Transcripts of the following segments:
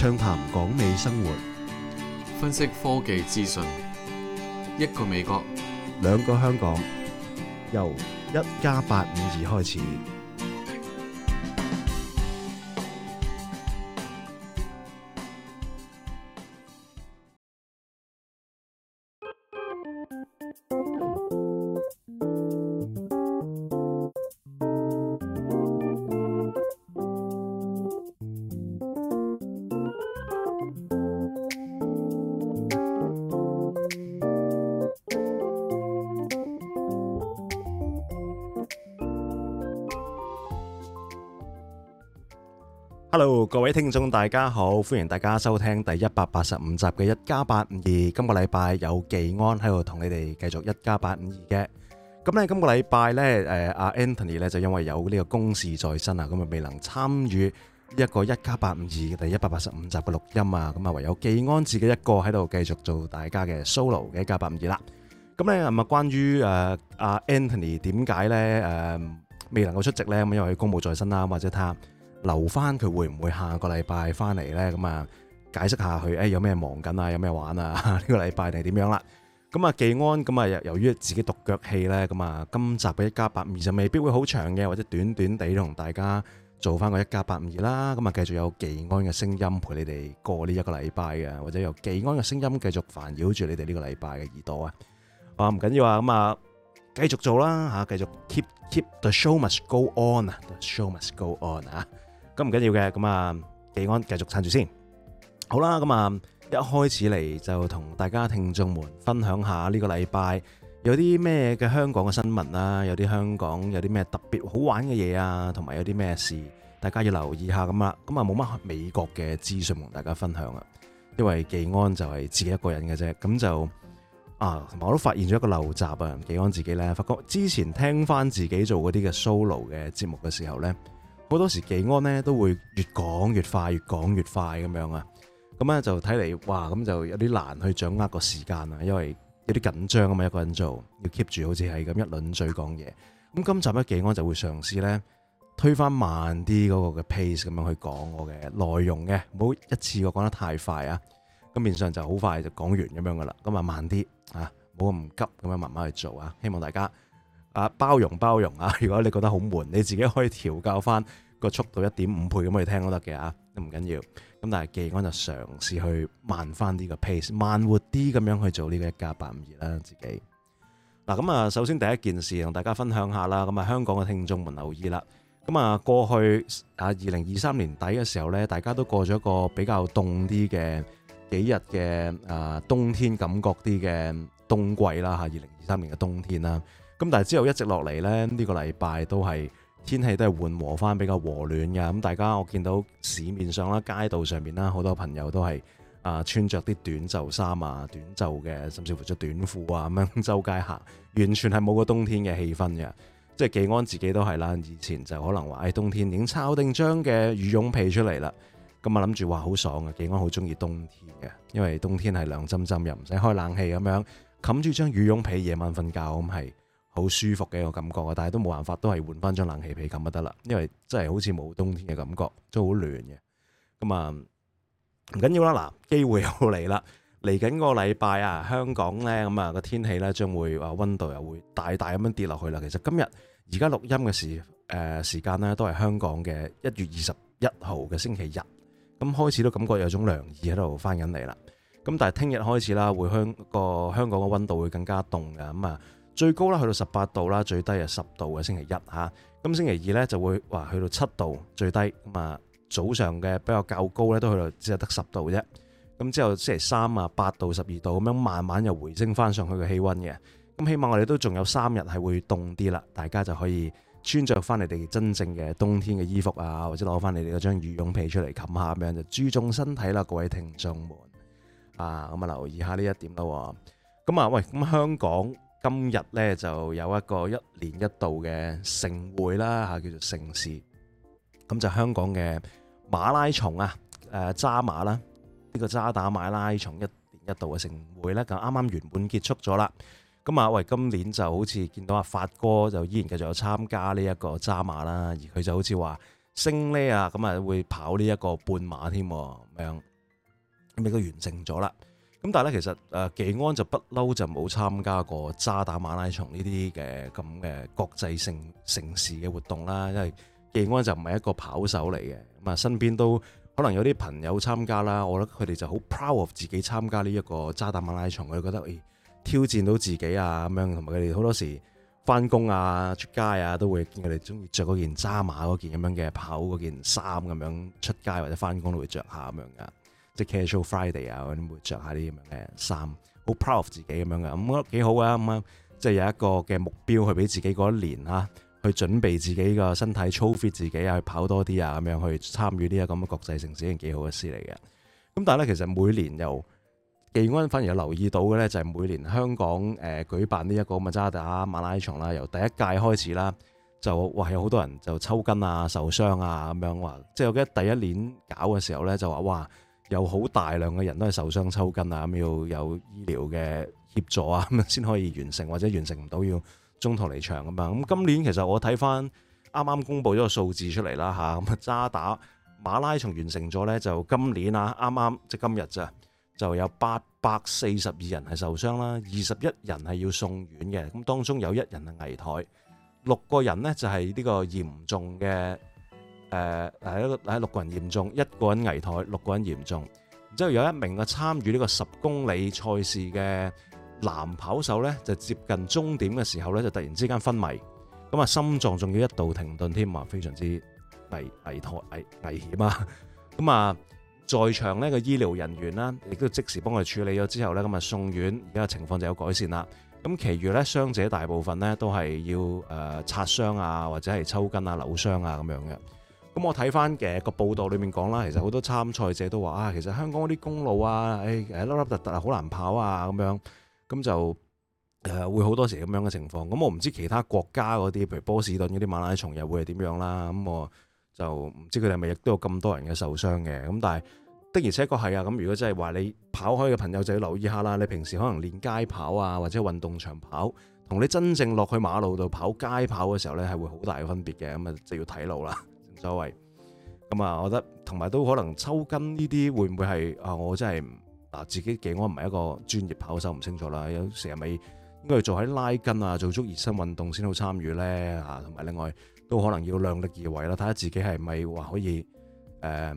暢談港美生活，分析科技資訊。一個美國，兩個香港，由一家八五二開始。hello，各位聽眾大家好，歡迎大家收聽第一百八十五集嘅一家八五二。今個禮拜有紀安喺度同你哋繼續一家八五二嘅，咁咧今個禮拜咧，誒阿 Anthony 咧就因為有呢個公事在身啊，咁啊未能參與一個一家八五二嘅第一百八十五集嘅錄音啊，咁啊唯有紀安自己一個喺度繼續做大家嘅 solo 嘅一家八五二啦。咁咧咁啊，關於誒阿 Anthony 點解咧誒未能夠出席咧咁，因為佢公務在身啦，或者他。留翻佢會唔會下個禮拜翻嚟咧？咁啊，解釋下佢誒，有咩忙緊啊，有咩玩啊？呢、這個禮拜定係點樣啦？咁啊，紀安咁啊，由於自己獨腳戲咧，咁啊，今集嘅一加八五二就未必會好長嘅，或者短短地同大家做翻個一加八五二啦。咁啊，繼續有紀安嘅聲音陪你哋過呢一個禮拜嘅，或者由紀安嘅聲音繼續煩擾住你哋呢個禮拜嘅耳朵啊。唔緊要啊，咁啊，繼續做啦吓，繼續 keep keep the show must go on 啊，the show must go on 啊。咁唔緊要嘅，咁啊，紀安繼續撐住先。好啦，咁啊，一開始嚟就同大家聽眾們分享下呢個禮拜有啲咩嘅香港嘅新聞啊，有啲香港有啲咩特別好玩嘅嘢啊，同埋有啲咩事大家要留意下咁啊。咁啊，冇乜美國嘅資訊同大家分享啊，因為紀安就係自己一個人嘅啫。咁就啊，同埋我都發現咗一個陋習啊。紀安自己呢，發覺之前聽翻自己做嗰啲嘅 solo 嘅節目嘅時候呢。好多時紀安咧都會越講越快，越講越快咁樣啊，咁咧就睇嚟哇，咁就有啲難去掌握個時間啊，因為有啲緊張啊嘛，一個人做要 keep 住好似係咁一輪嘴講嘢。咁今集咧紀安就會嘗試咧推返慢啲嗰個嘅 pace 咁樣去講我嘅內容嘅，唔好一次過講得太快啊，咁面上就好快就講完咁樣噶啦，咁啊慢啲啊，冇咁唔急咁樣慢慢去做啊，希望大家。啊，包容包容啊！如果你覺得好悶，你自己可以調教翻個速度一點五倍咁去聽都得嘅啊，唔緊要咁。但係記住，就嘗試去慢翻呢個 pace，慢活啲咁樣去做呢個一家八五二啦。自己嗱咁啊，首先第一件事同大家分享下啦。咁啊，香港嘅聽眾們留意啦。咁啊，過去啊二零二三年底嘅時候呢，大家都過咗一個比較凍啲嘅幾日嘅啊冬天感覺啲嘅冬季啦吓，二零二三年嘅冬天啦。咁但係之後一直落嚟呢，呢、呢個禮拜都係天氣都係緩和翻，比較和暖嘅。咁大家我見到市面上啦、街道上面啦，好多朋友都係啊，穿着啲短袖衫啊、短袖嘅，甚至乎着短褲啊咁樣周街行，完全係冇個冬天嘅氣氛嘅。即係紀安自己都係啦，以前就可能話誒、欸、冬天已經抄定張嘅羽絨被出嚟啦，咁啊諗住話好爽呀，紀安好中意冬天嘅，因為冬天係涼浸浸，又唔使開冷氣咁樣冚住張羽絨被夜晚瞓覺咁係。好舒服嘅一個感覺啊！但係都冇辦法，都係換翻張冷氣被咁就得啦，因為真係好似冇冬天嘅感覺，真係好暖嘅。咁啊，唔緊要啦。嗱，機會又嚟啦！嚟緊個禮拜啊，香港呢，咁啊個天氣呢，將會話温度又會大大咁樣跌落去啦。其實今日而家錄音嘅時誒時間呢、呃、都係香港嘅一月二十一號嘅星期日。咁開始都感覺有種涼意喺度翻緊嚟啦。咁但係聽日開始啦，會香個香港嘅温度會更加凍㗎。咁啊～最高啦，去到十八度啦，最低啊十度嘅星期一吓。咁星期二呢，就會話去到七度最低。咁啊早上嘅比較較高呢，都去到只係得十度啫。咁之後星期三啊八到十二度咁樣慢慢又回升翻上去嘅氣温嘅。咁希望我哋都仲有三日係會凍啲啦，大家就可以穿着翻你哋真正嘅冬天嘅衣服啊，或者攞翻你哋嗰張羽絨被出嚟冚下咁樣，就注重身體啦，各位聽眾們啊，咁啊留意下呢一點咯。咁啊喂咁香港。今日咧就有一個一年一度嘅盛會啦嚇，叫做盛事。咁就是、香港嘅馬拉松啊，誒、呃、渣馬啦，呢、這個渣打馬拉松一年一度嘅盛會咧，就啱啱完滿結束咗啦。咁、嗯、啊，喂，今年就好似見到阿發哥就依然繼續有參加呢一個渣馬啦，而佢就好似話升呢啊，咁啊會跑呢一個半馬添，咁咁俾佢完成咗啦。咁但係咧，其實誒技安就不嬲就冇參加過渣打馬拉松呢啲嘅咁嘅國際性城市嘅活動啦，因為技安就唔係一個跑手嚟嘅，咁啊身邊都可能有啲朋友參加啦，我覺得佢哋就好 proud of 自己參加呢一個渣打馬拉松，佢覺得誒、哎、挑戰到自己啊咁樣，同埋佢哋好多時翻工啊、出街啊都會見佢哋中意着嗰件渣馬嗰件咁樣嘅跑嗰件衫咁樣出街或者翻工都會着下咁樣㗎。即 casual Friday 啊，嗰啲會着下啲咁樣嘅衫，好 proud of 自己咁樣嘅，咁覺得幾好啊。咁啊，即係有一個嘅目標去俾自己嗰一年啦，去準備自己個身體，操 fit 自己啊，去跑多啲啊，咁樣去參與呢一個咁嘅國際城市，已經幾好嘅事嚟嘅。咁但係咧，其實每年又技安反而有留意到嘅咧，就係、是、每年香港誒舉辦呢、這、一個咁嘅渣打馬拉松啦，由第一屆開始啦，就話有好多人就抽筋啊、受傷啊咁樣話，即係我記得第一年搞嘅時候咧，就話哇～有好大量嘅人都係受傷抽筋啊，咁要有醫療嘅協助啊，咁樣先可以完成，或者完成唔到要中途離場咁啊。咁、嗯、今年其實我睇翻啱啱公佈咗個數字出嚟啦吓，咁、啊、渣打馬拉松完成咗呢，就今年啊，啱啱即今日就就有八百四十二人係受傷啦，二十一人係要送院嘅，咁當中有一人係危殆，六個人呢就係呢個嚴重嘅。誒、呃、嗱，一個喺六個人嚴重，一個人危殆，六個人嚴重，然之後有一名嘅參與呢個十公里賽事嘅男跑手呢，就接近終點嘅時候呢，就突然之間昏迷，咁、嗯、啊心臟仲要一度停頓添啊，非常之危危殆危險啊！咁、嗯、啊，在場呢個醫療人員呢，亦都即時幫佢處理咗之後呢。咁、嗯、啊送院，而家情況就有改善啦。咁、嗯、其餘呢，傷者大部分呢，都係要誒擦傷啊，或者係抽筋啊、扭傷啊咁樣嘅。咁我睇翻嘅個報道裏面講啦，其實好多參賽者都話啊，其實香港嗰啲公路啊，誒誒凹凹凸凸啊，好難跑啊，咁樣咁就、呃、會好多時咁樣嘅情況。咁我唔知其他國家嗰啲，譬如波士頓嗰啲馬拉松又會係點樣啦。咁我就唔知佢哋係咪亦都有咁多人嘅受傷嘅。咁但係的而且確係啊。咁如果真係話你跑開嘅朋友就要留意下啦。你平時可能練街跑啊，或者運動場跑，同你真正落去馬路度跑街跑嘅時候咧，係會好大嘅分別嘅。咁啊，就要睇路啦。周圍咁啊，我覺得同埋都可能抽筋呢啲會唔會係啊？我真係嗱，自己嘅，安唔係一個專業跑手，唔清楚啦。有時係咪應該做喺拉筋啊，做足熱身運動先好參與咧吓，同埋另外都可能要量力而為啦，睇下自己係咪話可以誒勝、呃、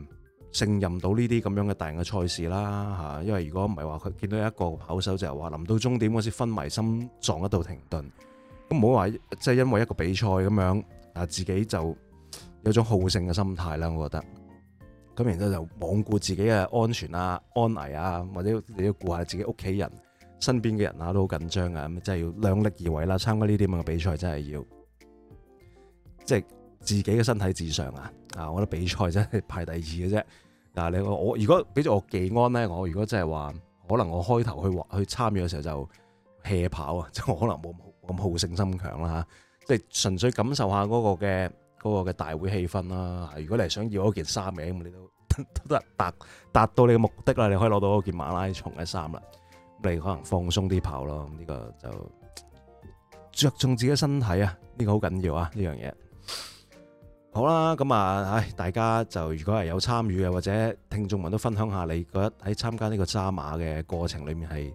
任到呢啲咁樣嘅大型嘅賽事啦、啊、因為如果唔係話佢見到一個跑手就係、是、話臨到終點嗰時昏迷心臟一度停頓，咁唔好話即係因為一個比賽咁樣啊，自己就。有種好勝嘅心態啦，我覺得，咁然之後就罔顧自己嘅安全啊、安危啊，或者你要顧下自己屋企人、身邊嘅人啊，都好緊張啊。咁即係要量力而為啦。參加呢啲咁嘅比賽真係要，真係要即係自己嘅身體至上啊！啊，我覺得比賽真係排第二嘅啫。嗱，係你我如果，俾咗我技安咧，我如果真係話，可能我開頭去去參與嘅時候就 hea 跑啊，就可能冇咁好勝心強啦吓，即係純粹感受一下嗰個嘅。嗰、那個嘅大會氣氛啦、啊，如果你係想要嗰件衫名，你都都，都達達到你嘅目的啦，你可以攞到件馬拉松嘅衫啦，你可能放鬆啲跑咯，呢、這個就着重自己身體啊，呢、這個好緊要啊，呢樣嘢好啦，咁啊，唉、哎，大家就如果係有參與嘅或者聽眾們都分享下，你覺得喺參加呢個渣馬嘅過程裡面係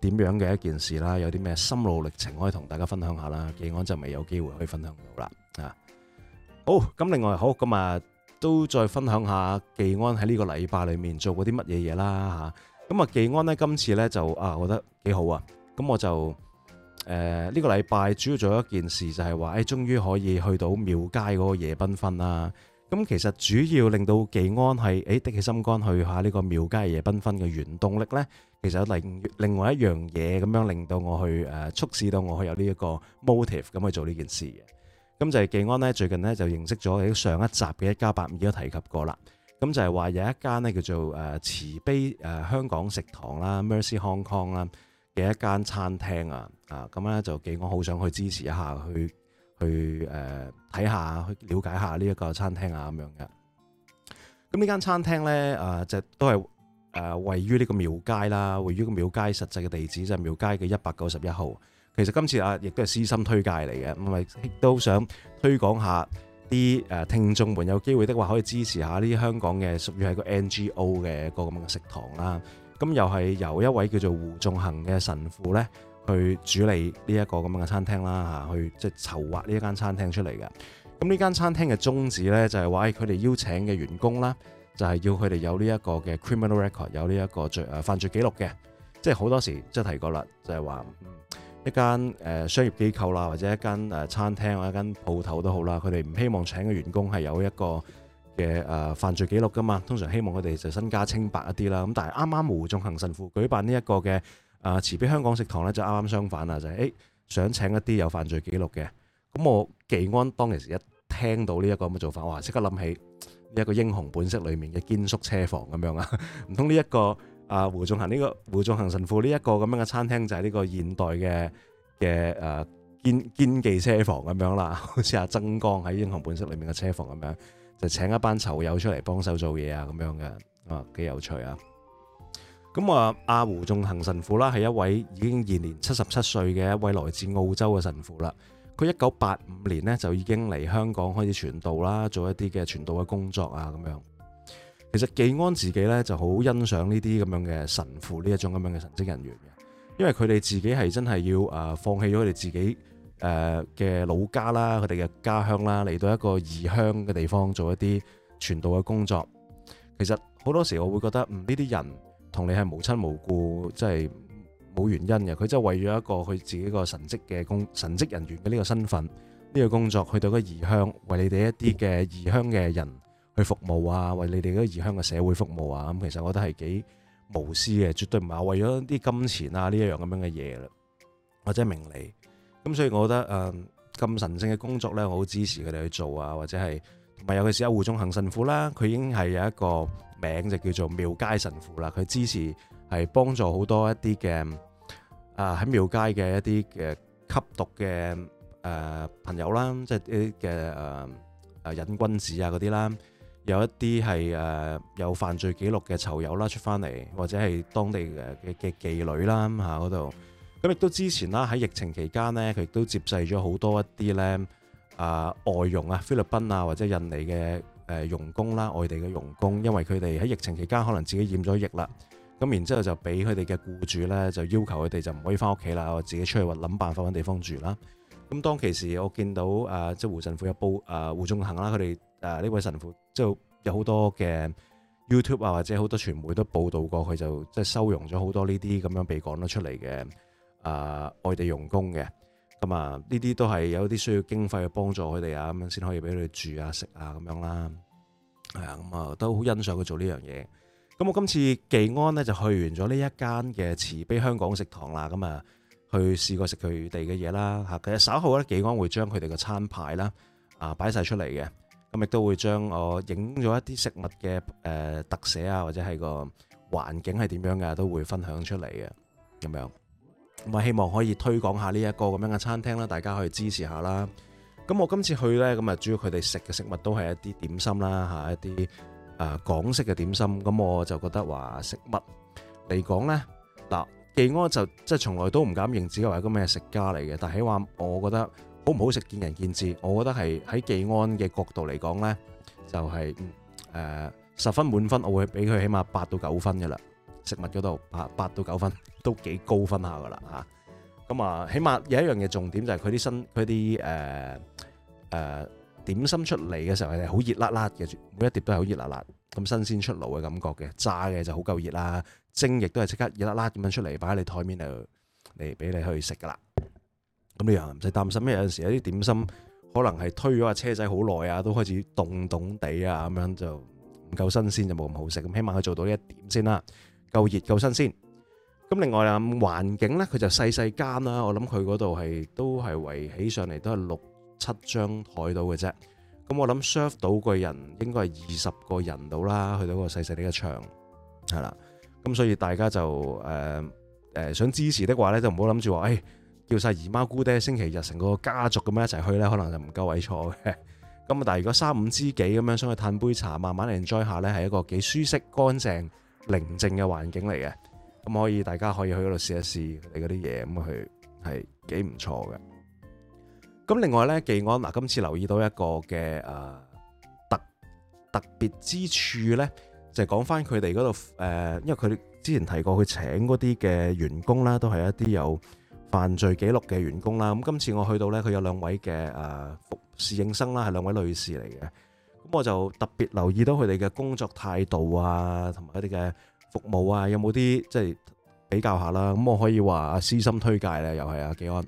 點樣嘅一件事啦，有啲咩心路歷程可以同大家分享下啦，紀安就未有機會可以分享到啦，啊～好，咁另外好，咁啊都再分享下記安喺呢個禮拜裏面做過啲乜嘢嘢啦，吓，咁啊記安呢，今次呢，就啊我覺得幾好啊，咁我就呢、呃，這個禮拜主要做咗一件事，就係話誒終於可以去到廟街嗰個夜繽紛啦，咁其實主要令到記安係誒的起心肝去下呢個廟街夜繽紛嘅原動力呢。其實有另另外一樣嘢咁樣令到我去、呃、促使到我去有呢一個 motive 咁去做呢件事嘅。咁就係記安咧，最近咧就認識咗，喺上一集嘅一家八五二都提及過啦。咁就係話有一間咧叫做誒慈悲香港食堂啦，Mercy Hong Kong 啦嘅一間餐廳啊，啊咁咧就記安好想去支持一下，去去誒睇、呃、下，去了解一下呢一個餐廳啊咁樣嘅。咁呢間餐廳咧就都係誒位於呢個廟街啦，位於個廟街實際嘅地址就係廟街嘅一百九十一號。其實今次啊，亦都係私心推介嚟嘅，亦都想推廣下啲誒聽眾們，有機會的話可以支持一下呢啲香港嘅，屬於係個 N G O 嘅個咁嘅食堂啦。咁又係由一位叫做胡仲恒嘅神父咧去主理呢一個咁樣嘅餐廳啦，嚇去即係籌劃呢間餐廳出嚟嘅。咁呢間餐廳嘅宗旨咧就係話佢哋邀請嘅員工啦，就係、是、要佢哋有呢一個嘅 criminal record，有呢一個罪犯罪記錄嘅，即係好多時即係提過啦，就係話。一間誒商業機構啦，或者一間誒餐廳或者一間鋪頭都好啦，佢哋唔希望請嘅員工係有一個嘅誒犯罪記錄噶嘛，通常希望佢哋就身家清白一啲啦。咁但係啱啱胡頌恆神父舉辦呢一個嘅誒慈悲香港食堂咧，就啱啱相反啊，就係誒想請一啲有犯罪記錄嘅。咁我技安當其時一聽到呢一個咁嘅做法，哇！即刻諗起呢一個英雄本色裏面嘅堅叔車房咁樣啊，唔通呢一個？啊！胡仲恒呢、這個胡仲恒神父呢一個咁樣嘅餐廳就係呢個現代嘅嘅誒堅堅記車房咁樣啦，好似阿曾光喺《英雄本色》裏面嘅車房咁樣，就是，請一班囚友出嚟幫手做嘢啊咁樣嘅，啊幾有趣啊！咁啊，阿胡仲恒神父啦，係一位已經現年七十七歲嘅一位來自澳洲嘅神父啦。佢一九八五年呢，就已經嚟香港開始傳道啦，做一啲嘅傳道嘅工作啊咁樣。其實紀安自己咧就好欣賞呢啲咁樣嘅神父呢一種咁樣嘅神職人員嘅，因為佢哋自己係真係要誒放棄咗佢哋自己誒嘅老家啦，佢哋嘅家鄉啦，嚟到一個異鄉嘅地方做一啲傳道嘅工作。其實好多時我會覺得，嗯，呢啲人同你係無親無故，即係冇原因嘅，佢真係為咗一個佢自己個神職嘅工神職人員嘅呢個身份，呢個工作去到個異鄉，為你哋一啲嘅異鄉嘅人。去服務啊，為你哋嗰啲異鄉嘅社會服務啊，咁其實我覺得係幾無私嘅，絕對唔係為咗啲金錢啊呢一樣咁樣嘅嘢啦，或者名利。咁所以，我覺得誒咁神聖嘅工作咧，我好支持佢哋去做啊，或者係同埋有佢時候胡中恆神父啦，佢已經係有一個名就叫做廟街神父啦。佢支持係幫助好多一啲嘅啊喺廟街嘅一啲嘅吸毒嘅誒朋友啦，即係啲嘅誒誒癮君子啊嗰啲啦。有一啲係誒有犯罪記錄嘅囚友啦出翻嚟，或者係當地嘅嘅妓女啦咁嚇嗰度，咁亦都之前啦喺疫情期間呢，佢亦都接濟咗好多一啲咧啊外傭啊、菲律賓啊或者印尼嘅誒傭工啦、外地嘅傭工，因為佢哋喺疫情期間可能自己染咗疫啦，咁然之後就俾佢哋嘅僱主咧就要求佢哋就唔可以翻屋企啦，或者自己出去話諗辦法揾地方住啦。咁當其時我見到啊即係胡振富有報啊胡忠行啦佢哋。他們誒、啊、呢位神父，即係有好多嘅 YouTube 啊，或者好多傳媒都報道過佢就即係收容咗好多呢啲咁樣被趕咗出嚟嘅誒外地傭工嘅咁啊。呢啲都係有啲需要經費去幫助佢哋啊，咁樣先可以俾佢哋住啊、食啊咁樣啦。係啊，咁啊、啊、啊都好欣賞佢做呢樣嘢。咁我今次寄安呢，就去完咗呢一間嘅慈悲香港食堂啦，咁啊去試過食佢哋嘅嘢啦嚇。其、啊、實稍後咧寄安會將佢哋嘅餐牌啦啊擺晒出嚟嘅。咁亦都會將我影咗一啲食物嘅誒特寫啊，或者係個環境係點樣嘅，都會分享出嚟嘅咁樣。咁啊，希望可以推廣下呢一個咁樣嘅餐廳啦，大家可以支持下啦。咁我今次去呢，咁啊，主要佢哋食嘅食物都係一啲點心啦，嚇一啲啊港式嘅點心。咁、呃、我就覺得話食物嚟講呢，嗱，記安就即係從來都唔敢認自己為一個咩食家嚟嘅，但起碼我覺得。好唔好食見仁見智，我覺得係喺技安嘅角度嚟講咧，就係誒十分滿分，我會俾佢起碼八到九分嘅啦。食物嗰度八八到九分都幾高分下噶啦嚇。咁啊，起碼有一樣嘢重點就係佢啲新佢啲誒誒點心出嚟嘅時候係好熱辣辣嘅，每一碟都係好熱辣辣咁新鮮出爐嘅感覺嘅，炸嘅就好夠熱啦，蒸亦都係即刻熱辣辣咁樣出嚟，擺喺你枱面度嚟俾你去食噶啦。咁你又唔使擔心，因為有陣時有啲點心可能係推咗架車仔好耐啊，都開始凍凍地啊，咁樣就唔夠新鮮就冇咁好食。咁希望佢做到呢一點先啦，夠熱夠新鮮。咁另外啊，環境咧佢就細細間啦，我諗佢嗰度係都係圍起上嚟都係六七張台到嘅啫。咁我諗 serve 到個人應該係二十個人到啦，去到個細細呢嘅場係啦。咁所以大家就、呃呃、想支持的話咧，就唔好諗住話誒叫晒姨媽姑爹，星期日成個家族咁樣一齊去咧，可能就唔夠位坐嘅。咁啊，但係如果三五知己咁樣想去嘆杯茶，慢慢嚟 enjoy 下咧，係一個幾舒適、乾淨、寧靜嘅環境嚟嘅。咁可以，大家可以去嗰度試一試你嗰啲嘢，咁去係幾幾唔錯嘅。咁另外咧，技安嗱，今次留意到一個嘅特特別之處咧，就係講翻佢哋嗰度，因為佢之前提過，佢請嗰啲嘅員工啦，都係一啲有。犯罪記錄嘅員工啦，咁今次我去到咧，佢有兩位嘅誒侍應生啦，係兩位女士嚟嘅，咁我就特別留意到佢哋嘅工作態度啊，同埋一啲嘅服務啊，有冇啲即係比較下啦？咁我可以話私心推介咧，又係阿紀安。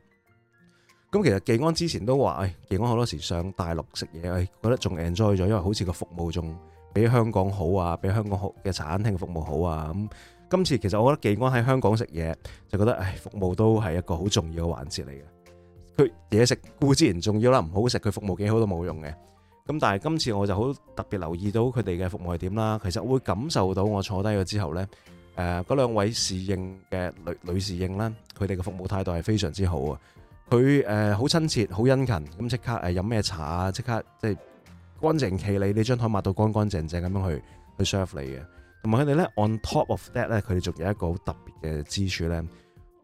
咁其實紀安之前都話，誒紀安好多時上大陸食嘢，誒覺得仲 enjoy 咗，因為好似個服務仲比香港好啊，比香港嘅茶餐廳服務好啊咁。今次其實我覺得幾安喺香港食嘢，就覺得唉服務都係一個好重要嘅環節嚟嘅。佢嘢食固然重要啦，唔好食，佢服務幾好都冇用嘅。咁但係今次我就好特別留意到佢哋嘅服務係點啦。其實我會感受到我坐低咗之後呢，誒嗰兩位侍應嘅女女侍應啦，佢哋嘅服務態度係非常之好啊。佢誒好親切，好殷勤，咁即刻誒飲咩茶啊，即刻即係乾淨企理，你張台抹到乾乾淨淨咁樣去去 serve 你嘅。同埋佢哋咧，on top of that 咧，佢哋仲有一個好特別嘅之處咧。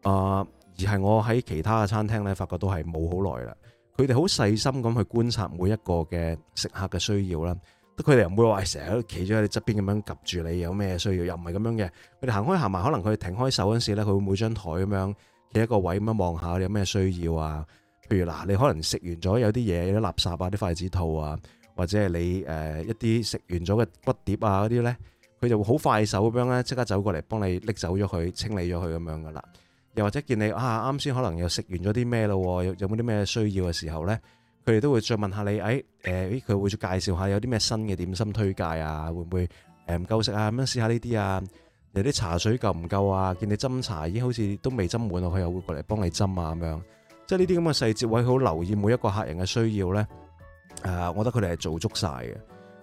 啊、呃，而係我喺其他嘅餐廳咧，發覺都係冇好耐啦。佢哋好細心咁去觀察每一個嘅食客嘅需要啦。佢哋又唔會話成日都企咗喺你側邊咁樣及住你有咩需要，又唔係咁樣嘅。佢哋行開行埋，可能佢哋停開手嗰陣時咧，佢會每張台咁樣企一個位咁樣望下你有咩需要啊。譬如嗱，你可能食完咗有啲嘢，有啲垃圾啊，啲筷子套啊，或者係你、呃、一啲食完咗嘅骨碟啊嗰啲咧。佢就會好快手咁樣咧，即刻走過嚟幫你拎走咗佢，清理咗佢咁樣噶啦。又或者見你啊，啱先可能又食完咗啲咩咯，有冇啲咩需要嘅時候咧，佢哋都會再問下你。誒、哎、誒，佢、呃、會介紹下有啲咩新嘅點心推介啊，會唔會誒唔夠食啊？咁樣試下呢啲啊。有啲茶水夠唔夠啊？見你斟茶已經好似都未斟滿了，佢又會過嚟幫你斟啊咁樣。即係呢啲咁嘅細節位，佢好留意每一個客人嘅需要咧。誒、呃，我覺得佢哋係做足晒嘅。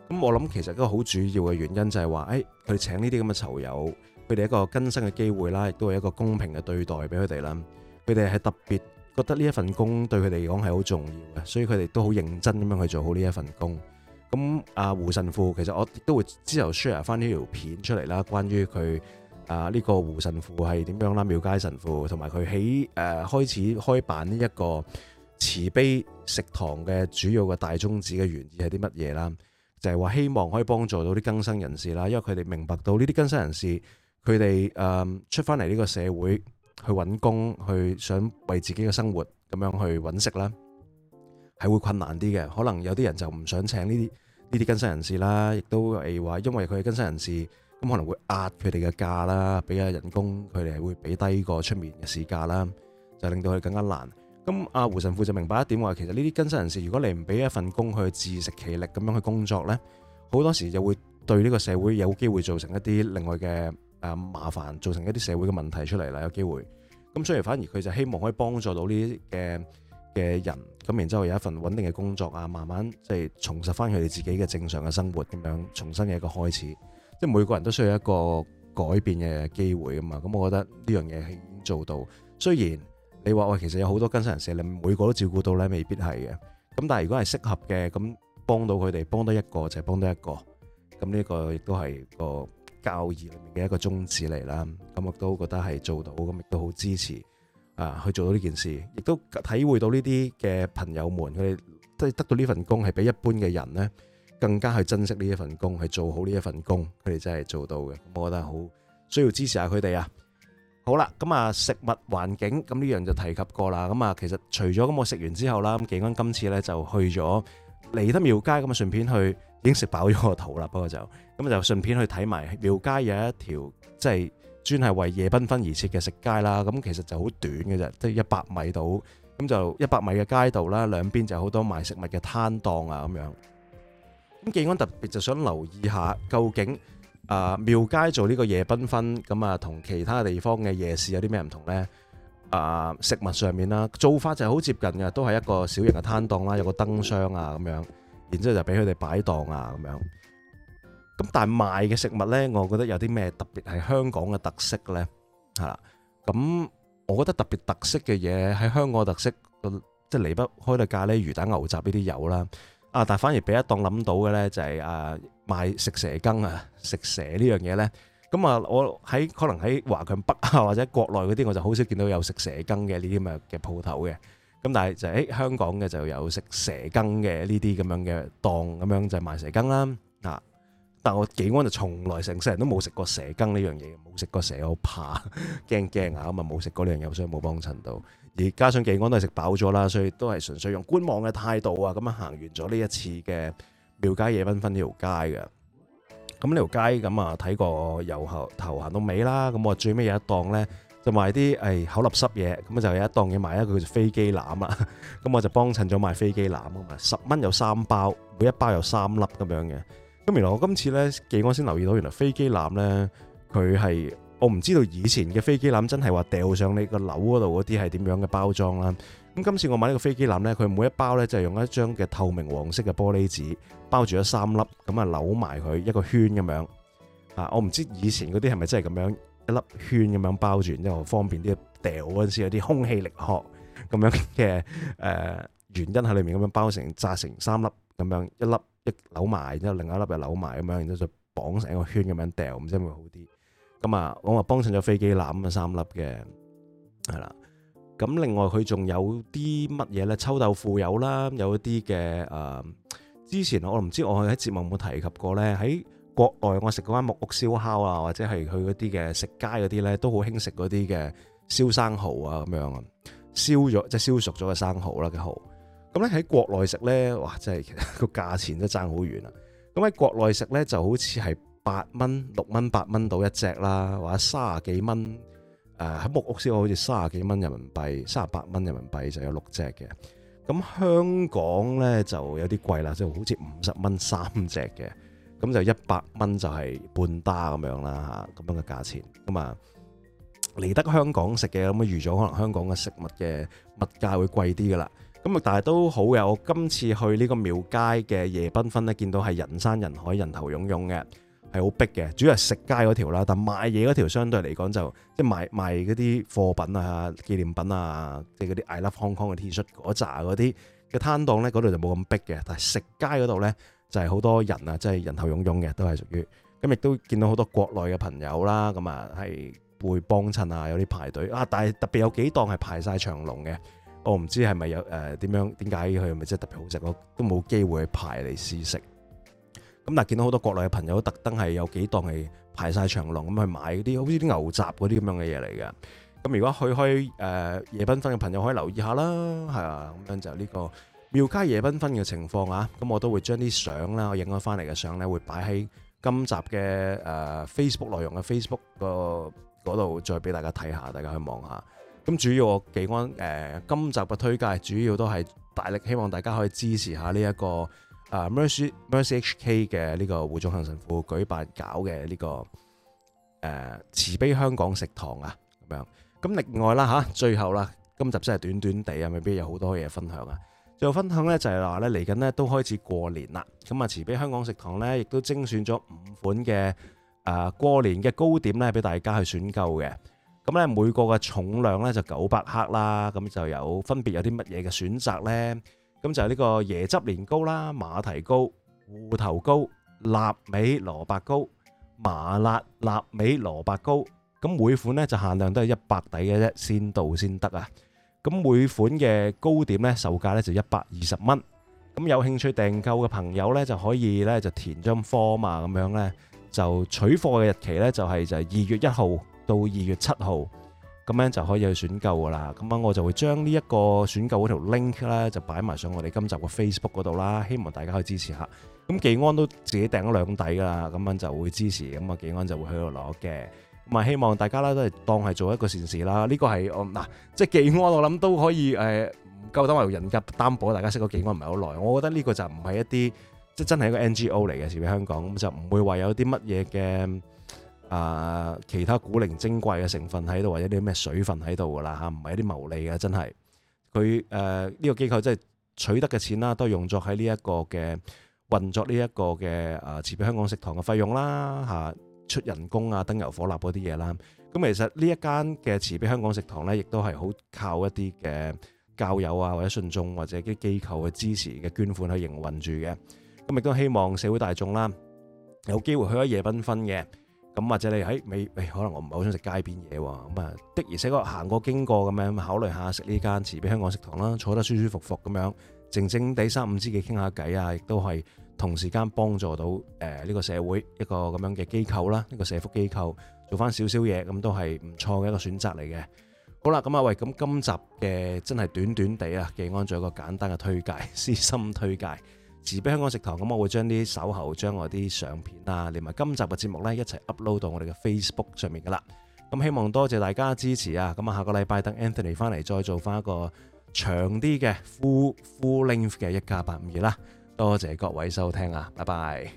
咁我諗其實一個好主要嘅原因就係話，誒、哎，佢請呢啲咁嘅囚友，佢哋一個更生嘅機會啦，亦都係一個公平嘅對待俾佢哋啦。佢哋係特別覺得呢一份工對佢哋嚟講係好重要嘅，所以佢哋都好認真咁樣去做好呢一份工。咁、啊、胡神父，其實我都會之後 share 翻呢條片出嚟啦，關於佢啊呢、這個胡神父係點樣啦，廟街神父，同埋佢喺誒、呃、開始開辦呢一個慈悲食堂嘅主要嘅大宗旨嘅原意係啲乜嘢啦？就係話希望可以幫助到啲更生人士啦，因為佢哋明白到呢啲更生人士佢哋誒出翻嚟呢個社會去揾工，去想為自己嘅生活咁樣去揾食啦，係會困難啲嘅。可能有啲人就唔想請呢啲呢啲更生人士啦，亦都係話因為佢係更生人士，咁可能會壓佢哋嘅價啦，俾下人工佢哋係會俾低過出面嘅市價啦，就令到佢更加難。咁阿胡神父就明白一點話，其實呢啲更新人士，如果你唔俾一份工去自食其力咁樣去工作呢，好多時就會對呢個社會有機會造成一啲另外嘅誒麻煩，造成一啲社會嘅問題出嚟啦。有機會，咁所以反而佢就希望可以幫助到呢啲嘅嘅人，咁然之後有一份穩定嘅工作啊，慢慢即係重拾翻佢哋自己嘅正常嘅生活，咁樣重新嘅一個開始。即係每個人都需要一個改變嘅機會啊嘛。咁我覺得呢樣嘢係已經做到，雖然。你話喂，其實有好多更生人士，你每個都照顧到咧，未必係嘅。咁但係如果係適合嘅，咁幫到佢哋，幫得一個就係幫得一個。咁呢個亦都係個教義裏面嘅一個宗旨嚟啦。咁我都覺得係做到，咁亦都好支持啊去做到呢件事，亦都體會到呢啲嘅朋友們，佢哋都係得到呢份工係比一般嘅人咧更加去珍惜呢一份工，係做好呢一份工，佢哋真係做到嘅。咁我覺得好需要支持下佢哋啊！好啦，咁啊食物環境，咁呢樣就提及過啦。咁啊，其實除咗咁我食完之後啦，紀安今次咧就去咗嚟得廟街，咁啊順便去已經食飽咗個肚啦。不過就咁就順便去睇埋廟街有一條即係專係為夜繽紛而設嘅食街啦。咁其實就好短嘅啫，即係一百米到，咁就一百米嘅街道啦，兩邊就好多賣食物嘅攤檔啊咁樣。咁紀安特別就想留意下究竟。啊！廟街做呢個夜繽紛，咁啊，同其他地方嘅夜市有啲咩唔同呢？啊，食物上面啦，做法就係好接近嘅，都係一個小型嘅攤檔啦，有個燈箱啊咁樣，然之後就俾佢哋擺檔啊咁樣。咁但係賣嘅食物呢，我覺得有啲咩特別係香港嘅特色呢？咁我覺得特別特色嘅嘢喺香港特色，即係離不開啲咖喱魚蛋、牛雜呢啲有啦。啊！但係反而俾一檔諗到嘅咧，就是，就係啊賣食蛇羹啊，食蛇呢樣嘢咧。咁啊，我喺可能喺華強北啊，或者國內嗰啲，我就好少見到有食蛇羹嘅呢啲咁嘅鋪頭嘅。咁但係就喺香港嘅就有食蛇羹嘅呢啲咁樣嘅檔，咁樣就賣蛇羹啦，啊。啊！但我幾安就從來成世人都冇食過蛇羹呢樣嘢，冇食過蛇，我怕驚驚啊！咁啊冇食過呢樣嘢，所以冇幫襯到。而加上技安都係食飽咗啦，所以都係純粹用觀望嘅態度啊，咁樣行完咗呢一次嘅廟街夜繽紛呢條街嘅。咁呢條街咁啊，睇過由頭行到尾啦。咁我最尾有一檔咧，就賣啲誒口立濕嘢。咁就有一檔嘢賣咧，佢就飛機欖啊。咁我就幫襯咗買飛機欖啊嘛，十蚊有三包，每一包有三粒咁樣嘅。咁原來我今次咧，技安先留意到，原來飛機欖咧，佢係。我唔知道以前嘅飛機欖真係話掉上你個樓嗰度嗰啲係點樣嘅包裝啦。咁今次我買呢個飛機欖咧，佢每一包咧就係用一張嘅透明黃色嘅玻璃紙包住咗三粒，咁啊扭埋佢一個圈咁樣啊。我唔知以前嗰啲係咪真係咁樣一粒圈咁樣包住，然之後方便啲掉嗰陣時有啲空氣力學咁樣嘅誒原因喺裏面咁樣包成紮成三粒咁樣一粒一扭埋，然之後另一粒又扭埋咁樣，然之後就綁成一個圈咁樣掉，咁先會好啲。咁、嗯、啊，我話幫襯咗飛機欖咁啊三粒嘅，係啦。咁另外佢仲有啲乜嘢咧？臭豆腐有啦，有一啲嘅誒。之前我唔知我喺節目有冇提及過咧，喺國內我食嗰間木屋燒烤啊，或者係去嗰啲嘅食街嗰啲咧，都好興食嗰啲嘅燒生蠔啊咁樣啊，燒咗即係燒熟咗嘅生蠔啦嘅蠔。咁咧喺國內食咧，哇！真係個價錢都爭好遠啦。咁喺國內食咧就好似係。八蚊、六蚊、八蚊到一隻啦，或者三十幾蚊。誒、呃、喺木屋先，好似三十幾蚊人民幣，三十八蚊人民幣就有六隻嘅。咁香港呢就有啲貴啦，即係好似五十蚊三隻嘅。咁就一百蚊就係半打咁樣啦，嚇咁樣嘅價錢咁啊。嚟得香港食嘅咁預咗，可能香港嘅食物嘅物價會貴啲噶啦。咁啊，但係都好嘅。我今次去呢個廟街嘅夜繽紛呢，見到係人山人海，人頭湧湧嘅。係好逼嘅，主要係食街嗰條啦，但賣嘢嗰條相對嚟講就即係賣賣嗰啲貨品啊、紀念品啊，即係嗰啲 I love Hong Kong 嘅 T 恤嗰扎嗰啲嘅攤檔咧，嗰度就冇咁逼嘅。但係食街嗰度咧就係、是、好多人啊，即、就、係、是、人頭湧湧嘅，都係屬於咁，亦都見到好多國內嘅朋友啦。咁啊係會幫襯啊，有啲排隊啊，但係特別有幾檔係排晒長龍嘅。我、哦、唔知係咪有誒點、呃、樣點解佢係咪真係特別好食，我都冇機會去排嚟試食。咁但係見到好多國內嘅朋友，特登係有幾檔係排晒長龍咁去買啲，好似啲牛雜嗰啲咁樣嘅嘢嚟嘅。咁如果去開、呃、夜繽紛嘅朋友，可以留意下啦，係啊，咁樣就呢個廟街夜繽紛嘅情況啊。咁我都會將啲相啦，我影咗翻嚟嘅相咧，會擺喺今集嘅、呃、Facebook 內容嘅 Facebook 個嗰度，再俾大家睇下，大家去望下。咁主要我幾安誒、呃、今集嘅推介，主要都係大力希望大家可以支持下呢一個。Mercy Mercy HK 嘅呢個胡頌恆神父舉辦搞嘅呢個誒、呃、慈悲香港食堂啊，咁樣，咁另外啦嚇，最後啦，今集真係短短地啊，未必有好多嘢分享啊。最後分享咧就係話咧，嚟緊咧都開始過年啦，咁啊慈悲香港食堂咧亦都精選咗五款嘅誒過年嘅糕點咧俾大家去選購嘅。咁咧每個嘅重量咧就九百克啦，咁就有分別有啲乜嘢嘅選擇咧？咁就係呢個椰汁年糕啦、馬蹄糕、芋頭糕、臘味蘿蔔糕、麻辣臘味蘿蔔糕。咁每款呢就限量都係一百底嘅啫，先到先得啊！咁每款嘅糕點呢售價呢就一百二十蚊。咁有興趣訂購嘅朋友呢就可以呢就填張貨碼咁樣呢就取貨嘅日期呢就係就係二月一號到二月七號。咁樣就可以去選購噶啦，咁樣我就會將呢一個選購嗰條 link 咧就擺埋上我哋今集嘅 Facebook 嗰度啦，希望大家可以支持下。咁紀安都自己訂咗兩底噶啦，咁樣就會支持，咁啊紀安就會喺度攞嘅。咁啊希望大家啦都係當係做一個善事啦，呢個係我嗱即係紀安我諗都可以夠膽為人家擔保，大家識個紀安唔係好耐，我覺得呢個就唔係一啲即係真係一個 NGO 嚟嘅，慈悲香港咁就唔會話有啲乜嘢嘅。啊！其他古靈精怪嘅成分喺度，或者啲咩水分喺度噶啦嚇，唔、啊、係一啲牟利嘅，真係佢誒呢個機構真係取得嘅錢啦，都係用作喺呢一個嘅運作，呢一個嘅啊，慈悲香港食堂嘅費用啦嚇、啊，出人工啊、燈油火蠟嗰啲嘢啦。咁、啊、其實呢一間嘅慈悲香港食堂咧，亦都係好靠一啲嘅教友啊，或者信眾或者啲機構嘅支持嘅捐款去營運住嘅。咁、啊、亦都希望社會大眾啦、啊、有機會去一夜繽紛嘅。咁或者你喺未、哎、可能我唔係好想食街邊嘢喎，咁啊的而且確行過經過咁樣考慮下食呢間慈悲香港食堂啦，坐得舒舒服服咁樣靜靜地三五知己傾下偈啊，亦都係同時間幫助到呢、呃這個社會一個咁樣嘅機構啦，呢個社福機構做翻少少嘢，咁都係唔錯嘅一個選擇嚟嘅。好啦，咁啊喂，咁今集嘅真係短短地啊，技安咗一個簡單嘅推介，私心推介。慈悲香港食堂咁，我會將啲手候、將我啲相片啊，連埋今集嘅節目呢，一齊 upload 到我哋嘅 Facebook 上面噶啦。咁希望多謝大家支持啊！咁啊，下個禮拜等 Anthony 翻嚟再做翻一個長啲嘅 full full length 嘅一家852啦。多謝各位收聽啊，拜拜。